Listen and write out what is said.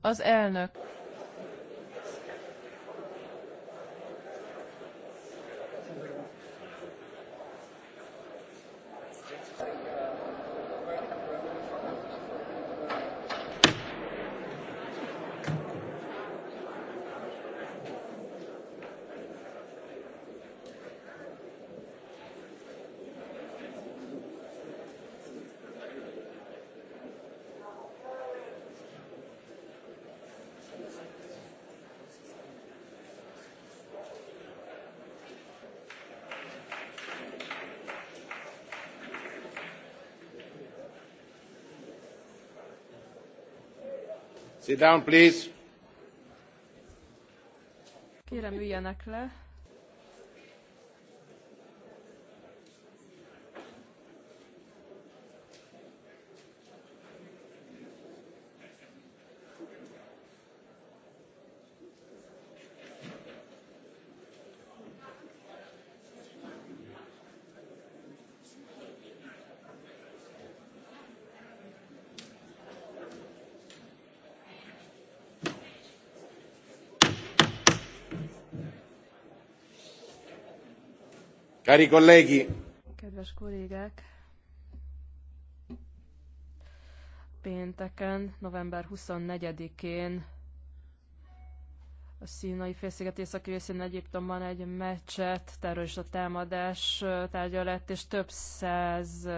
Az elnök. Sit down, please. Kérem, üljenek le. Cari colleghi. Kedves kollégák. Pénteken, november 24-én a színai félsziget északi részén Egyiptomban egy meccset, terrorista támadás tárgya lett, és több száz